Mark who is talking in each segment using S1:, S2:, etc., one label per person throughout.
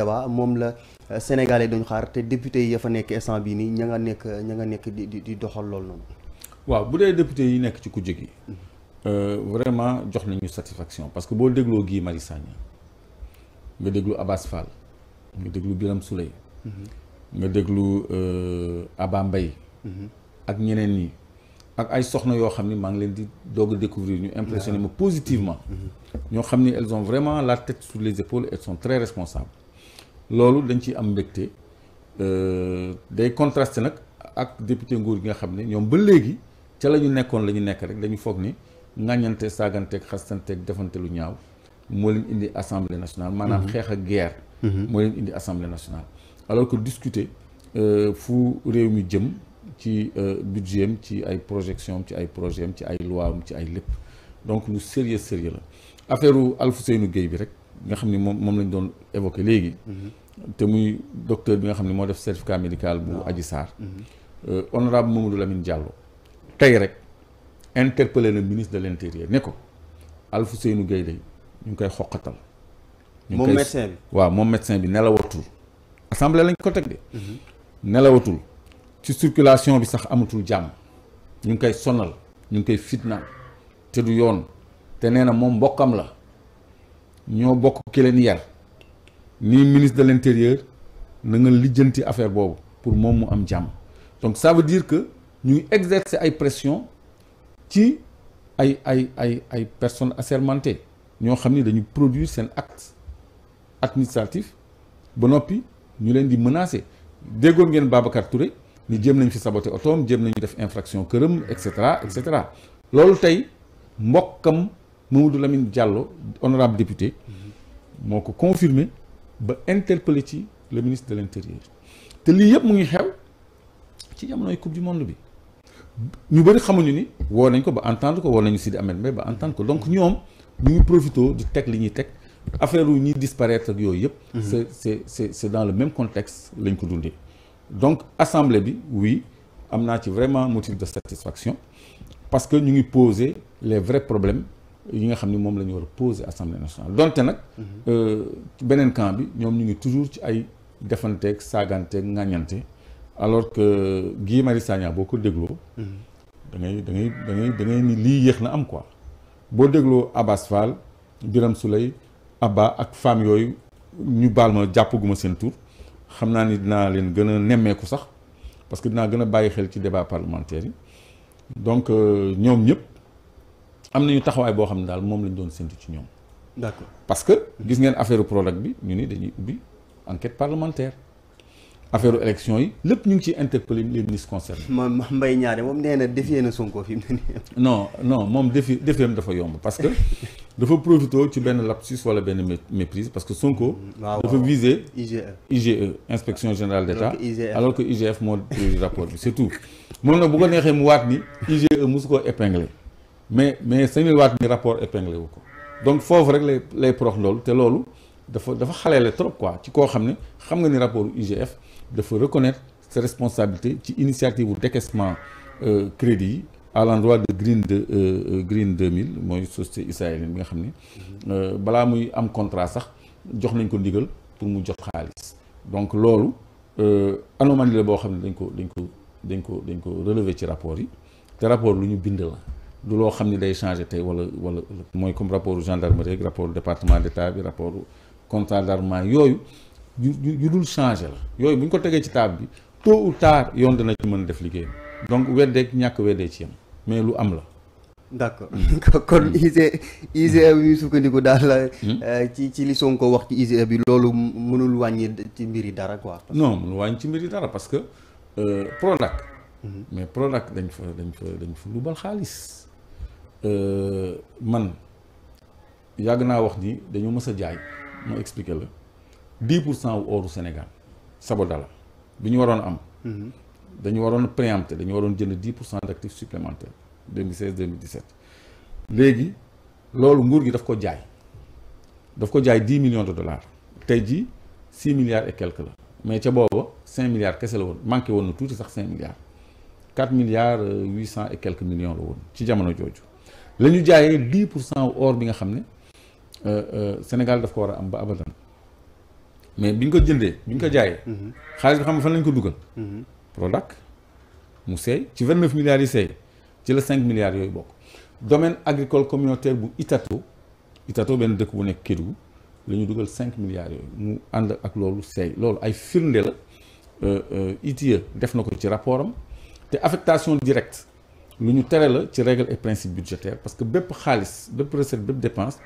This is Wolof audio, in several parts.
S1: débat moom la euh, sénégalais duñ xaar te député yi ya fa nekk instant bii nii ña nga nekk ña nga nekk di di doxal loolu noonu.
S2: waaw bu dee député yi nekk ci kujje gi mm-hmm. euh, vraiment jox nañu satisfaction parce que boo dégloo Guy Marius Sagna nga déglu Abass Fall nga déglu Birame Souleye mm-hmm. nga déglu euh, Aba mbay mm-hmm. ak ñeneen ñi ak ay soxna yoo xam ni maa ngi leen di doog a découvrir ñu impressionné ah. ma positivement ñoo xam ni elles ont vraiment la tête sur les épaules elles très responsables loolu dañ ciy am mbégte euh, day contrasté nag ak député nguur gi nga xam ne ñoom ba léegi ca la ñu nekkoon la ñu nekk rek dañu foog ni ŋàññante saaganteeg xastanteeg defante lu ñaaw moo leen indi assemblée nationale maanaam mhm. xeex ak guerre mhm. moo leen indi assemblée nationale alors que discuter euh, fu réew mi jëm ci euh, budget am ci ay projection am ci ay projet am ci ay loi ci ay lépp donc lu sérieux sérieux la affaire u Alfousseynou Guèye bi rek nga xam ni moom moom lañu doon évoqué léegi mm-hmm. te muy docteur bi nga xam ne moo def certificat médical bu Adji Sarr mm-hmm. euh, honorable Mamadou Lamine jàlloo tey rek interpellé na ministre de l' intérieur ne ko Alfousseynou Gaye ñu ngi koy xoqatal ñu moom médecin bi waaw moom médecin bi nelawatul assemblée lañ ko teg de mm-hmm. nelawatul ci circulation bi sax amatul jàmm ñu ngi koy sonal ñu ngi koy fitnaan te du yoon te nee moom mbokkam la ñoo bokk ki leen yar ni ministre de l'intérieur na nga lijjanti affaire boobu pour moom mu am jàmm donc ça veut dire que ñuy exercer ay pression ci ay ay ay ay personnes assermentées ñoo xam ni dañu produit seen acte administratif ba noppi ñu leen di menacer déggoon ngeen Babacar Touré ni jéem nañ fi saboter otoom jéem nañu def infraction këram et cetera et cetera loolu tey mbokkam. du Lamine Diallo honorable député moo ko confirmé ba interpellé ci le ministre de l'intérieur te lii yëpp mu ngi xew ci jamonoy coupe du monde bi ñu bëri xamuñu ni woo nañ ko ba entendre ko woo nañu Sidi Ahmed Mbaye ba entendre ko donc ñoom ñu ngi profité di teg li ñuy teg affaire yu ñuy disparaître ak yooyu yëpp mhm. c'est c'est c'est c'est dans le même contexte lañ ko dundee donc assemblée bi oui am naa ci vraiment motif de satisfaction parce que ñu ngi poser les vrais problèmes yi nga xam ni moom la ñu war a poser assemblée nationale donte nag mhm. euh, beneen camp bi ñoom ñu ngi toujours ci ay defanteeg saaganteeg ŋàññante alors que Guy Marius boo ko dégloo mhm. da ngay da ni lii yéex na am quoi boo dégloo Abass Fall Birame Souley ak femme yooyu ñu baal ma jàppaguma seen xam naa ni dinaa leen gën a nemmeeku sax parce que dinaa gën a bàyyi xel ci débat donc euh, ñoom ñëpp am na ñu taxawaay boo xam ne daal moom lañu doon sentu ci ñoom. d'accord parce que gis ngeen affaire Prodac bi ñu ni dañuy ubbi enquête parlementaire affaire élection yi lépp ñu ngi ciy interpellé les ministres concernés.
S1: moom Mbaye Niang moom nee na défier fi mu ne nii.
S2: non moom défi défiem dafa yomb parce que dafa profité ci benn lapsus wala benn méprise parce que Sonko. dafa viser IGE IGE inspection générale d'État alors que IGF e e moo produit rapport bi surtout tout moom nag bu ko neexee mu waat ni IGE mosu koo épinglé. mais mais Samuel Waat mi rapport épinglé wu ko donc foofu rek lay lay prox loolu te loolu dafa dafa xaleele trop quoi ci koo xam ne xam nga ni rapport IGF dafa reconnaître ses responsabilités ci initiative bu décaissement euh, crédit yi à l'endroit de Green de euh, euh, Green mooy société israélienne bi nga xam ne mhm. balaa muy am contrat sax jox nañ ko ndigal pour mu jot xaalis donc loolu anomalie la boo xam ne dañ ko dañ ko dañ ko dañ ko relever ci rapport yi te rapport lu ñu bind la du loo xam ni day changé tey wala wala mooy comme rapport gendarmerie ak rapport département d'état bi rapport contrat d'armement yooyu yu yu dul changé la yooyu bu ñu ko tegee ci table bi tôt ou tard yoon dana ci mën a def liggéeyam donc weddeek ñàkk weddee ci yam mais lu am la d'accord kon ise
S1: hmm. IGE hmm. bi ñuy sukkandiku daal euh, hmm. ci ci li ko wax ci IGE bi loolu mënul
S2: wàññi ci mbir yi dara quoi. non mënul wàññi ci mbir yi dara parce que euh, Prodac. mais Prodac dañ fa dañ dañ fa lubal xaalis. Euh, man yàgg naa wax ni dañu mës a jaay moo expliqué la dix pour cent wu ooru Sénégal Sabodala bi ñu waroon am. Mm-hmm. dañu waroon préempter dañu waroon jënd dix pour cent d' actifs supplémentaires 2016 2017. léegi loolu nguur gi daf ko jaay daf ko jaay dix millions de dollars tey ji six milliards et quelque la mais ca booba cinq milliards kese la woon manqué woon na tuuti sax cinq milliards quatre milliards euh, cent et quelques million la woon ci jamono jooju. la ñu jaayee 10 pour cent or bi nga xam ne euh, euh, Sénégal daf ko war a am ba abadan mais bi ñu ko jëndee bi ñu ko jaayee. Mhm. xaalis bi xam nga fan lañ ko dugal. Mhm. Prodac mu seey ci 29 milliards yi seey ci la 5 milliards yooyu bokk. domaine agricole communautaire bu Itato Itato benn dëkk bu nekk Kédougou la ñu dugal 5 milliards yooyu mu ànd ak loolu seey loolu ay firnde la euh, ITIE def na ko ci rapport am te affectation direct lu ñu tere la ci règle et principe budgétaire parce que bépp xaalis bépp recette bépp dépense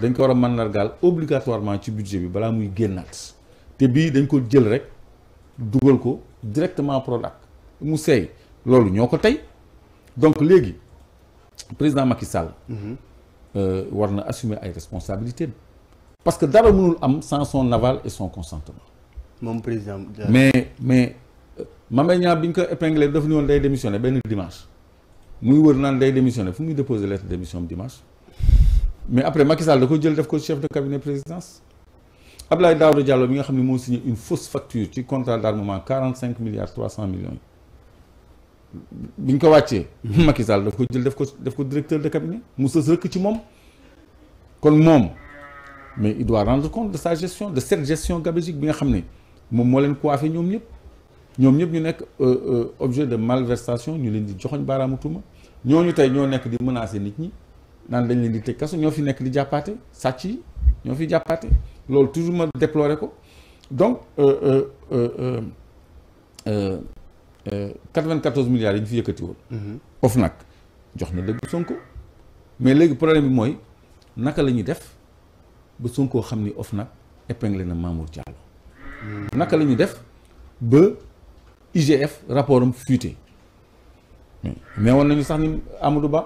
S2: dañ ko war a màndargaal obligatoirement ci budget bi balaa muy génnaat te bii dañ ko jël rek dugal ko directement Prodac mu sey loolu ñoo ko tey donc léegi président Macky Sall mhm. euh, war na assumer ay responsabilités parce que dara mënul am sans son aval et son consentement
S1: moom président euh, mais
S2: mais euh, Mame Niang bi ñu ko épinglé daf ni woon day démissionné benn dimanche muy wër naan day démissionné fu muy déposer lettre de démission dimanche mais après Macky Sall da ko jël def ko chef de cabinet présidence Abdoulaye Daouda Diallo mi nga xam ne moo signé une fausse facture ci contrat d'armement 45 milliards 300 millions bi ñu ko wàccee. Macky Sall daf ko jël def ko def ko directeur de cabinet mu sës rëkk ci moom. kon moom mais il doit rendre compte de sa bi nga xam ne moom moo leen coiffé ñoom ñëpp. ñoom ñëpp ñu nekk euh, euh, objet de malversation ñu leen di joxoñ baaraamu tuuma ñooñu tey ñoo nekk di menacer nit ñi naan lañu leen di tëj kaso ñoo fi nekk di jàppaate sàcc yi ñoo fi jàppaate loolu toujours ma déplorer ko donc 94 euh, milliards yi ñu fi yëkkati woon. Mm-hmm. OFNAC jox na dëgg Sonko mais léegi problème bi mooy naka la ñuy def ba Sonko xam ni OFNAC épinglé na Mamour Diallo. Mm-hmm. naka la ñuy def ba. IGF rapport am fuité mais woon nañu sax ni Amadou Ba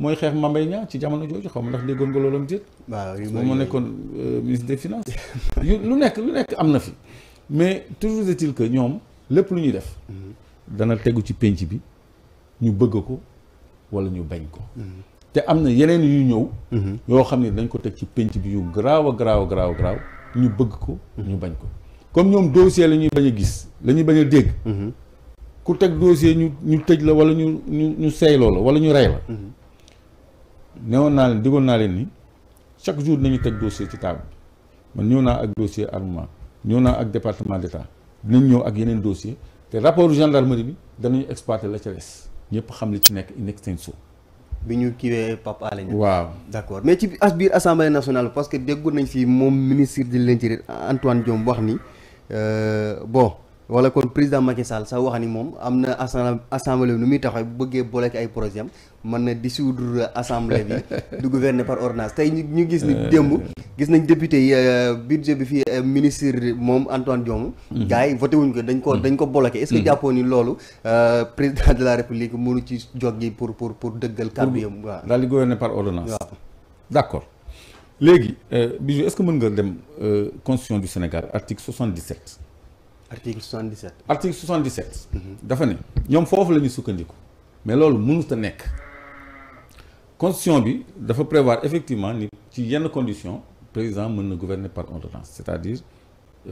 S2: mooy xeex Mame Mbaye Niang ci jamono jooju xaw ma ndax déggoon nga loolu am déet. waaw yu moo nekkoon euh, ministre des finances. yu lu nekk lu nekk am na fi mais toujours est-il que ñoom lépp lu ñuy def. Mm-hmm. dana tegu ci pénc bi ñu bëgg ko walla ñu bañ ko. Mm-hmm. te am na yeneen yu ñëw. Mm-hmm. yoo xam ne dañ ko teg ci pénc bi yu garaaw a garaaw a garaaw garaaw ñu bëgg ko. ñu bañ ko. comme ñoom dossier la ñuy bañ a gis la ñuy bañ a dégg. Mhm. ku teg dossier ñu ñu tëj la wala ñu ñu ñu seyloo la wala ñu rey la. Mhm. newoon naa leen digoon naa leen ni chaque jour nañu teg dossier ci table man ñëw naa ak dossier armement ñëw naa ak département d' état dinañ ñëw ak yeneen dossier te rapport gendarmerie bi danañu exploité la ca des ñëpp xam li ci nekk in extenso. bi ñu kiiwee Pape Alé Niang waaw d' accord mais
S1: ci as biir assemblée nationale parce que déggoon nañ fi moom ministre de l' intérieur Antoine Diome ni. Euh, bon wala kon président Macky Sall sax wax ni moom am na assemblée assemblée bi nu muy taxaw bu bëggee bloquer ay projet am mën na di dissoudre assemblée bi du gouverner par ordonnance tey ñu gis ni euh. démb gis nañ député yi euh, budget bi fii ministre moom Antoine Diome mhm. gars yi voté wuñ ko dañ ko mhm. dañ ko bloqué est-ce mhm. jàppoo ni loolu président de la république mënu ci jog yi pour pour pour dëggal kàddu yam waaw daal di gouverner par ordonnance
S2: waaw léegi euh, Bijou est-ce que mën nga dem euh, constitution du Sénégal article 77. article 77. article 77. Mhm. dafa ne ñoom foofu la ñu sukkandiku mais loolu mënut sa nekk constitution bi dafa prévoir effectivement ni ci yenn condition président mën na gouverner par ordonnance c'est-à-dire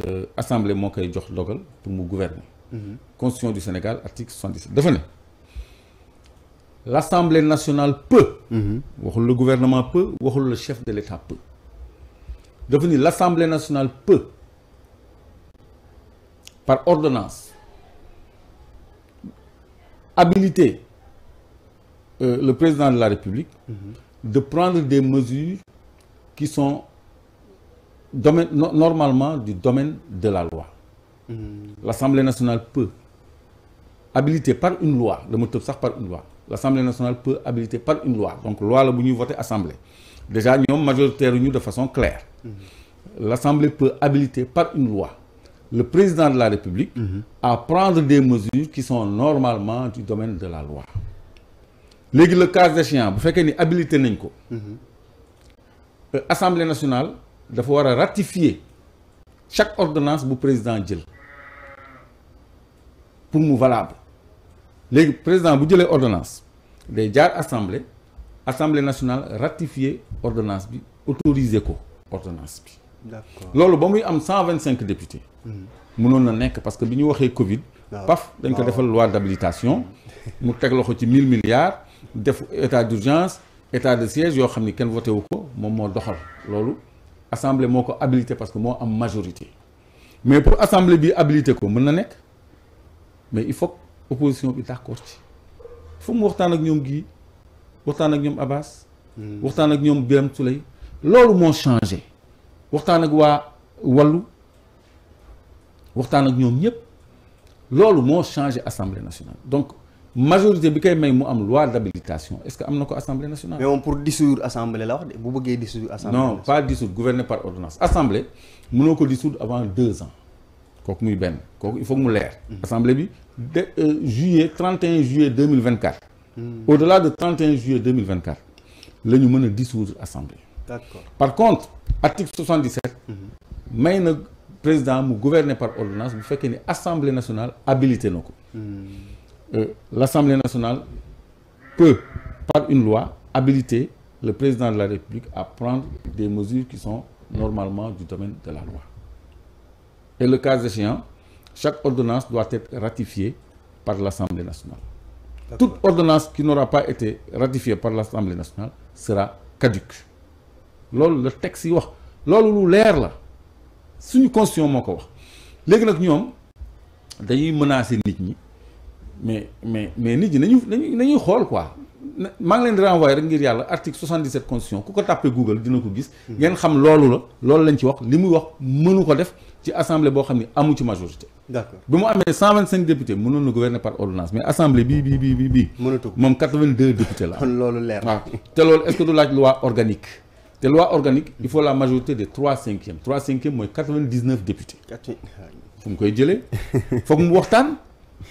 S2: euh, assemblée moo koy jox dogal pour mu gouverner. Mhm. constitution du Sénégal article 77 dafa ne. l'Assemblée nationale peut. Mhm. waxul le gouvernement peut waxul le chef de l'État peut. dafa ni l'Assemblée nationale peut par ordonnance habiliter euh, le président de la République. Mm -hmm. de prendre des mesures qui sont domaine normalement du domaine de la loi. Mm -hmm. l'Assemblée nationale peut habiliter par une loi dama tëb sax par une loi. l'Assemblée nationale peut habiliter par une loi donc loi la bu ñuy voter assemblée déjà ñoom majoritaire ñu de façon claire mm-hmm. l'Assemblée peut habiliter par une loi le président de la République mm-hmm. à prendre des mesures qui sont normalement du domaine de la loi léegi le cas échéant bu fekkee ni habilité nañ ko mm-hmm. euh, Assemblée nationale dafa war a ratifier chaque ordonnance bu président jël pour mu valable léegi président bu jëlee ordonnance day jaar assemblée assemblée nationale ratifier ordonnance bi autoriser ko ordonnance bi. d'accord loolu ba muy am cent vingt cinq députés. Hmm. mënoon na nekk parce que bi ñu waxee Covid. paf dañ ko defal loi d'habilitation mu teg loxo ci mille milliards def état d'urgence état de siège yoo xam ni kenn voté wu ko moom moo doxal loolu assemblée moo ko habilité parce que moo am majorité mais pour assemblée bi habilité ko mën na nekk mais il faut opposition bi d'accord ci foog mu waxtaan ak ñoom gii waxtaan ak ñoom Abbas hmm. waxtaan ak ñoom Birame Souleye loolu moo changé waxtaan ak waa wàllu waxtaan ak ñoom ñëpp loolu moo changé assemblée nationale donc majorité bi koy may mu am loi d'habilitation est-ce que am na ko assemblée nationale. mais moom pour dissoudre assemblée la wax de bu bëggee dissoudre. assemblée non pas dissoudre gouverné par ordonnance assemblée mënoo ko dissoudre avant deux ans. kooku muy benn kooku il faut mu leer. assemblée bi de euh, juillet 31 juillet 2024. au delà de 31 juillet 2024 la ñu mën a dissoudre assemblée. d'accord par contre article 77. Hmm. may na président mu gouverner par ordonnance bu fekkee ni assemblée nationale habilité na ko. Hmm. Euh, l' assemblée nationale peut par une loi habiliter le président de la république à prendre des mesures qui sont normalement du domaine de la loi. et le cas échéant chaque ordonnance doit être ratifiée par l'Assemblée nationale toute ordonnance qui n'aura pas été ratifiée par l'Assemblée nationale sera caduque loolu la teg si wax loolu lu leer la suñu constitution moo ko wax léegi nag ñoom dañuy menacer nit ñi mais mais mais nit ñi nañu nañu nañuy xool quoi maa ngi leen di renvoyer rek ngir yàlla article 77 constitution ku ko tàppee Google dina ko gis hmm. ngeen xam loolu la loolu lañ ci wax li muy wax mënu ko def ci assemblée boo xam ne amu ci majorité. d'accord bi mu amee 125 députés mënoon na gouverner par ordonnance mais assemblée bii bi bi bii. mënatu ko moom 82 députés la. kon loolu leer waaw te loolu est-ce que du laaj loi organique. te loi organique il faut la majorité de 3 cinquièmes 3 cinquièmes mooy 99 députés. fu mu koy jëlee foog mu waxtaan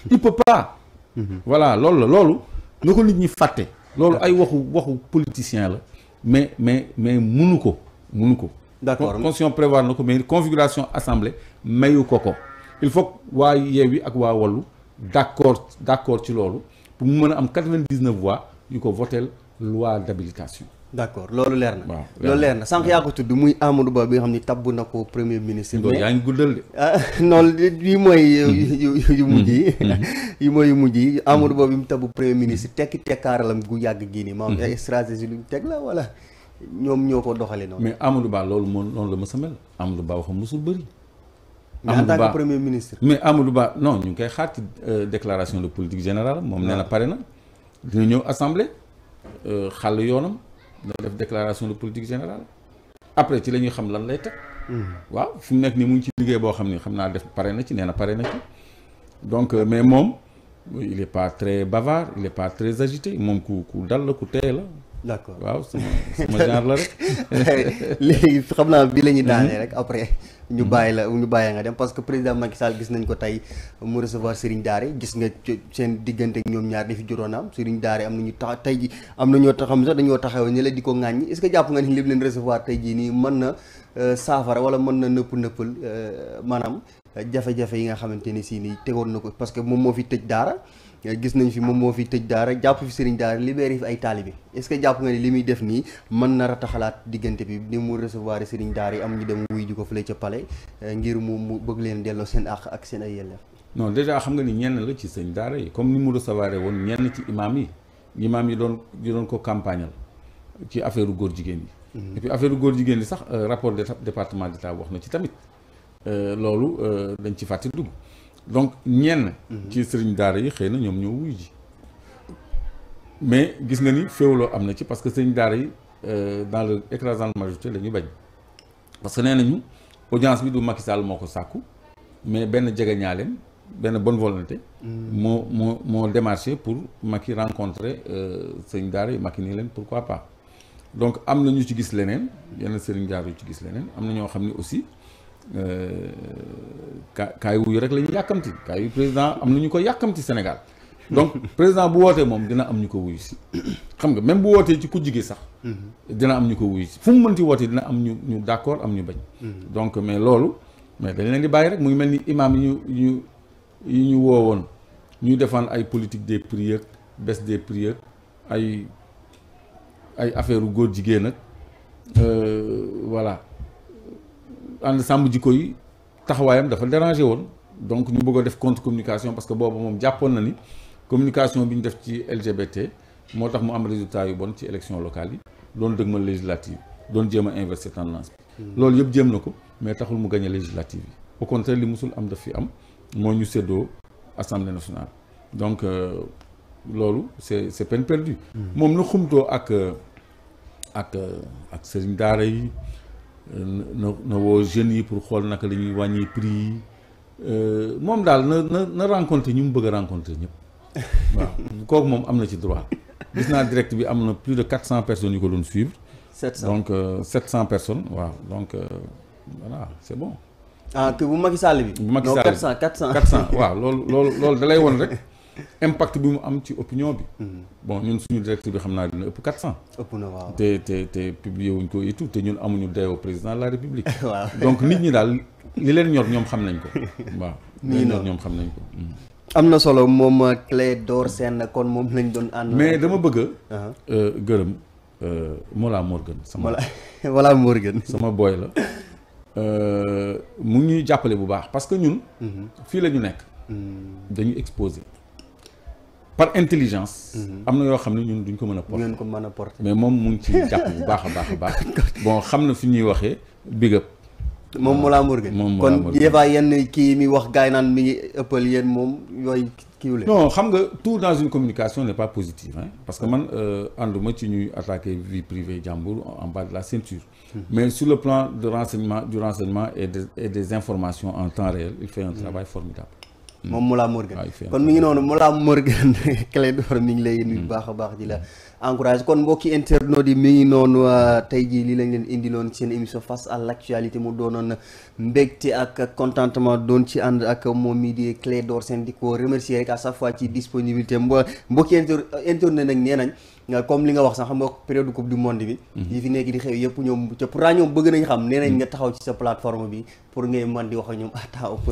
S2: il peut pas. Mhm. voilà loolu la loolu na ko nit ñi fàtte. loolu ay waxu waxu politicien la mais mais mais mënu ko mënu ko. d'accord constitution prévoir na ko mais configuration assemblée mayu ko ko il faut waa Yewwi ak waa Wallu d'accord d'accord ci loolu pour mu mën a am 99 voix yu ko votel loi d'habilitation
S1: d'accord loolu leer na loolu leer na sànq yaa ko tudd muy Amadou Ba bi xam ni tabbu
S2: na ko premier ministre mais yaa ngi
S1: guddal de ah, noonu mm-hmm. yi mm-hmm. mooy yu mujj yi yi mooy yu mujj yi Amadou Ba bi mu tabbu premier ministre tekki tekkaaralam gu yàgg gii nii maam mm-hmm. ay stratégie lu ñu teg la wala ñoom
S2: ñoo ko doxalee noonu. mais Amadou Ba loolu moom noonu la mës a mel Amadou Ba waxam mësul bëri. mais en tant ministre. mais Amadou Ba non ñu ngi koy xaar ci euh, déclaration de politique général moom nee na ah. pare na dina ñëw assemblée euh, xàll yoonam dina def déclaration de politique générale après ci la ñuy xam lan lay teg. Hmm. waaw fi mu nekk nii mu ngi ci liggéey boo xam ne xam naa def pare na ci nee na pare na ci donc euh, mais moom il est pas très bavard il est pas très agité moom ku ku dal la ku tey la. d' accord waaw sama sama la rek. léegi xam naa bi la ñuy daanee mhm.
S1: rek après. ñu bàyyi la ñu bàyyi nga dem parce que président Macky Sall gis nañ ko tey mu recevoir Serigne Daare gis nga seen diggante ñoom ñaar dafi juróon am Serigne Daare am na ñu tax tey ji am na ñoo taxam sax dañoo taxaw ñu la di ko ŋàññi est ce que jàpp nga ni li leen recevoir tey jii nii mën na euh, saafara wala mën na nëpp nëppal euh, maanaam jafe-jafe yi nga xamante ni si ni tegoon na ko parce que moom moo fi tëj daara gis nañ fi moom moo fi tëj daara jàpp fi sëriñ daara libéré fi ay taalibe est-ce que jàpp nga ni li muy def nii mën na rataxalaat diggante bi ni mu recevoir sëriñ daara yi am ñu dem wuy ji ko fële ca palais eh, ngir mu mu bëgg leen delloo seen àq ak seen ay yelleef
S2: non déjà xam nga ni ñenn la ci sëñ daara yi comme ni mu recevoir woon ñenn ci imaam yi imaam yi doon yi ko campagnal ci affaire góor jigéen yi mm-hmm. et puis affaire góor jigéen sax euh, rapport département d'état wax na ci tamit Euh, loolu euh, dañ ci fàtte dugg donc ñenn. ci mhm. sëriñ daara yi xëy na ñoom ñoo wuy ji mais gis nga ni féewloo am na ci parce que sëriñ daara yi euh, dans le écrasante majorité la bañ parce que nee nañu audience bi du Macky Sall moo ko sàkku mais benn jegeñaaleem benn bonne volonté. Mm. moo moo moo démarché pour Macky rencontrer sëriñ daara yi Macky nii leen pourquoi pas donc am na ñu ci gis leneen yenn sëriñ daara yu ci gis leneen am na ñoo xam ne aussi. Euh, ka kaay wuyu rek la ñu yàkkamti kaay président am na ñu ko yàkkamti Sénégal donc président bu wootee moom dina am ñu ko wuyu si xam nga même bu wootee ci ku jige sax dina am ñu ko wuyu si fu mu mënti wootee dina am ñu ñu d'accord am ñu bañ donc mais loolu mais dañ leen di bàyyi rek mu ngi mel ni imaam yi ñu ñu yi ñu woowoon ñu defaan ay politique des prières baisse des prières ay ay affaire góor jigéen nag euh, voilà and sàmm jikko yi taxawaayam dafa dérangé woon donc ñu bëgg a def contre communication parce que boobu moom jàppoon na ni communication bi ñu def ci LGBT moo tax mu am résultat yu bon ci élection locale yi doon dëgmal législative doon jéem a inversé tendance hmm. loolu yëpp jéem na ko mais taxul mu gagné législative yi au contraire li musul am daf fi am moo ñu séddoo assemblée nationale donc euh, loolu c'est c'est peine perdue hmm. moom la xumtoo ak euh, ak euh, ak sëriñ daara yi na na woo jeunes yi pour xool naka la ñuy wàññi prix yi euh, moom daal na na na rencontré ñu mu bëgg a rencontré ñëpp waaw kooku moom am na ci droit gis naa direct bi am na plus de quatre cent personnes yu ko doon suivre. sept cent donc euh, sept cent personnes waaw donc euh, voilà c'est bon. ah que bu Macky Sall bi. bu Macky Sall bi non quatre cent quatre cent. waaw loolu loolu loolu da lay woon rek. impact bi mu am ci opinion bi. Mhm. bon ñun suñu direct bi xam naa dina ëpp 400. ëpp na waaw te te te publier wuñ ko et tout te ñun amuñu dayoo président de la république. waaw donc nit ñi daal li leen ñor ñoom xam nañ ko. waaw li leen ñor ñoom xam nañ ko. Mhm.
S1: am na solo moom ma Clédor Sène kon moom lañ doon ànd. mais dama
S2: bëgg uh-huh. euh, gërëm euh, Mola Morgan. sama Mola Morgan. sama booy la. Euh, mu ngi ñuy jàppale bu baax parce que ñun. Mhm. fii la ñu nekk. dañu exposé. par intelligence. Mhm. am na yoo xam ne ñun duñ ko mën a porter. ko mën a porter mais moom mu ngi ci jàpp bu baax a baax a baax. bon xam na fi ñuy waxee big up. moom ah, Mollah Morgun moom Mollah Morgun kon yéen
S1: yenn kii mi wax gaay naan mi ngi ëppal yéen moom yooyu kiiwule. non
S2: xam nga tout dans une communication n'est pas positive hein parce que man euh, ànduma ci ñuy attaquer vie privée jàmbur en bas de la ceinture. Hmm. mais sur le plan de renseignement du renseignement et des informations en temps réel il fait un hmm. travail formidable. moom Mollah Morgun ah,
S1: kon mi ngi noonu Mollah Morgun Clédor mi ngi lay nuyu mm. baax a baax di la encourage kon mbokki internautes yi mi ngi noonu euh, tey jii lii lañ leen indiloon seen émission face à l'actualité mu doonoon mbégte ak contentement doon ci ànd ak moom mii di Clédor seen di ko remercier rek à chaque fois ci disponibilité mbo mbokki inter internautes nag nee nañ euh, comme li nga wax sax xam nga période coupe du monde bi yi mm-hmm. fi nekk di xew yëpp ñoom ca bëgg nañ xam nee nañ taxaw ci sa plateforme bi pour ngay mën di